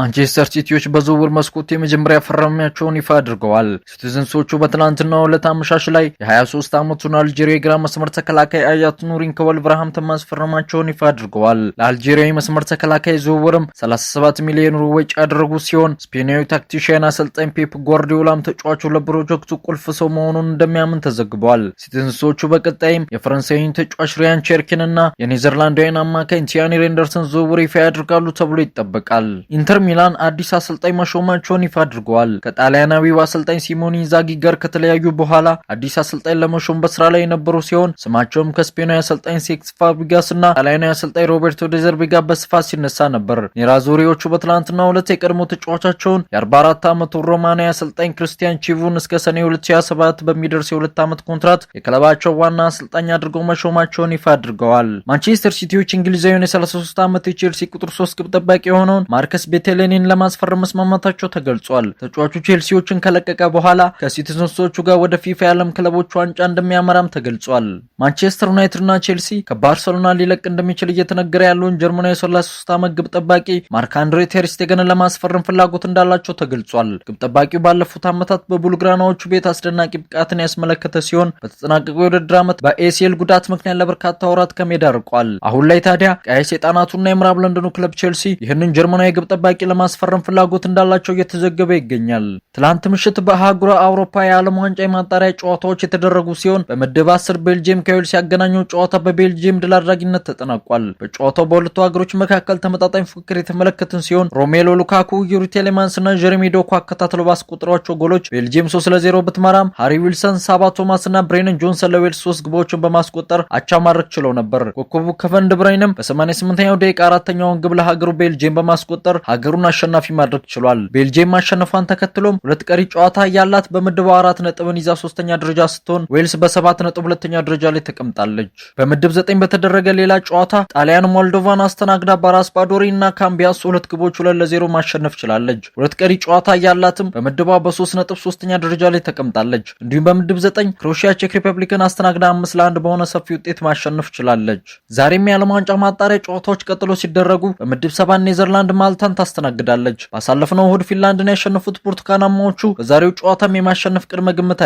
ማንቸስተር ሲቲዎች በዝውውር መስኮት የመጀመሪያ ፈራሚያቸውን ይፋ አድርገዋል። ሲቲዝንሶቹ በትናንትናው ዕለት አመሻሽ ላይ የ23 ዓመቱን አልጄሪያ የግራ መስመር ተከላካይ አያት ኑሪን ከወልቨርሃምተን ማስፈረማቸውን ይፋ አድርገዋል። ለአልጄሪያ መስመር ተከላካይ ዝውውርም 37 ሚሊዮን ሩ ወጪ ያደረጉ ሲሆን ስፔናዊ ታክቲሽያን አሰልጣኝ ፔፕ ጓርዲዮላም ተጫዋቹ ለፕሮጀክቱ ቁልፍ ሰው መሆኑን እንደሚያምን ተዘግቧል። ሲቲዝንሶቹ በቀጣይም የፈረንሳይን ተጫዋች ሪያን ቸርኪን እና የኔዘርላንዳዊን አማካኝ ቲያኒ ሬንደርሰን ዝውውር ይፋ ያደርጋሉ ተብሎ ይጠበቃል። ኢንተር ሚላን አዲስ አሰልጣኝ መሾማቸውን ይፋ አድርገዋል። ከጣሊያናዊው አሰልጣኝ ሲሞኒ ኢንዛጊ ጋር ከተለያዩ በኋላ አዲስ አሰልጣኝ ለመሾም በስራ ላይ የነበሩ ሲሆን ስማቸውም ከስፔናዊ አሰልጣኝ ሴክስ ፋብሪጋስ እና ጣሊያናዊ አሰልጣኝ ሮቤርቶ ዴዘርቢ ጋር በስፋት ሲነሳ ነበር። ኔራዞሪዎቹ በትላንትና ሁለት የቀድሞ ተጫዋቻቸውን የ44 ዓመቱ ሮማናዊ አሰልጣኝ ክርስቲያን ቺቡን እስከ ሰኔ 2027 በሚደርስ የሁለት ዓመት ኮንትራት የክለባቸው ዋና አሰልጣኝ አድርገው መሾማቸውን ይፋ አድርገዋል። ማንቸስተር ሲቲዎች እንግሊዛዊውን የ33 ዓመት የቼልሲ ቁጥር 3 ግብ ጠባቂ የሆነውን ማርከስ ቤቴል ማርሴሌኒን ለማስፈረም መስማማታቸው ተገልጿል። ተጫዋቹ ቼልሲዎችን ከለቀቀ በኋላ ከሲቲዝንሶቹ ጋር ወደ ፊፋ የዓለም ክለቦች ዋንጫ እንደሚያመራም ተገልጿል። ማንቸስተር ዩናይትድና ቼልሲ ከባርሰሎና ሊለቅ እንደሚችል እየተነገረ ያለውን ጀርመናዊ የ33 ዓመት ግብ ጠባቂ ማርክ አንድሬ ቴርስቴገን ለማስፈረም ፍላጎት እንዳላቸው ተገልጿል። ግብ ጠባቂው ባለፉት ዓመታት በቡልግራናዎቹ ቤት አስደናቂ ብቃትን ያስመለከተ ሲሆን በተጠናቀቀው የውድድር ዓመት በኤሲኤል ጉዳት ምክንያት ለበርካታ ወራት ከሜዳ ርቋል። አሁን ላይ ታዲያ ቀያይ ሰይጣናቱና የምዕራብ ለንደኑ ክለብ ቼልሲ ይህንን ጀርመናዊ ግብ ጠባቂ ታጣቂ ለማስፈረም ፍላጎት እንዳላቸው እየተዘገበ ይገኛል። ትላንት ምሽት በአህጉረ አውሮፓ የዓለም ዋንጫ የማጣሪያ ጨዋታዎች የተደረጉ ሲሆን በምድብ አስር ቤልጅየም ከዌል ያገናኘው ጨዋታ በቤልጅየም ድል አድራጊነት ተጠናቋል። በጨዋታው በሁለቱ ሀገሮች መካከል ተመጣጣኝ ፉክክር የተመለከትን ሲሆን ሮሜሎ ሉካኩ፣ ዩሪ ቴሌማንስ እና ጀሬሚ ዶኩ አከታትለው ባስቆጠሯቸው ጎሎች ቤልጅየም 3 ለ0 ብትመራም ሃሪ ዊልሰን፣ ሳባ ቶማስ እና ብሬንን ጆንሰን ለዌልስ ሶስት ግቦችን በማስቆጠር አቻ ማድረግ ችለው ነበር። ኮከቡ ከቨን ድብረይንም በ88ኛው ደቂቃ አራተኛውን ግብ ለሀገሩ ቤልጅየም በማስቆጠር ሀገሩን አሸናፊ ማድረግ ችሏል። ቤልጅየም ማሸነፏን ተከትሎም ሁለት ቀሪ ጨዋታ ያላት በምድቧ አራት ነጥብን ይዛ ሶስተኛ ደረጃ ስትሆን ዌልስ በሰባት ነጥብ ሁለተኛ ደረጃ ላይ ተቀምጣለች። በምድብ ዘጠኝ በተደረገ ሌላ ጨዋታ ጣሊያን ሞልዶቫን አስተናግዳ ባራስ ባዶሪ እና ካምቢያስ ሁለት ግቦች ሁለት ለዜሮ ማሸነፍ ችላለች። ሁለት ቀሪ ጨዋታ ያላትም በምድቧ በሶስት ነጥብ ሶስተኛ ደረጃ ላይ ተቀምጣለች። እንዲሁም በምድብ ዘጠኝ ክሮሺያ ቼክ ሪፐብሊክን አስተናግዳ አምስት ለአንድ በሆነ ሰፊ ውጤት ማሸነፍ ችላለች። ዛሬም የዓለም ዋንጫ ማጣሪያ ጨዋታዎች ቀጥሎ ሲደረጉ በምድብ ሰባት ኔዘርላንድ ማልታን ታስ ታስተናግዳለች። ባሳለፍነው እሁድ ፊንላንድን ያሸነፉት ብርቱካናማዎቹ በዛሬው ጨዋታም የማሸነፍ ቅድመ ግምት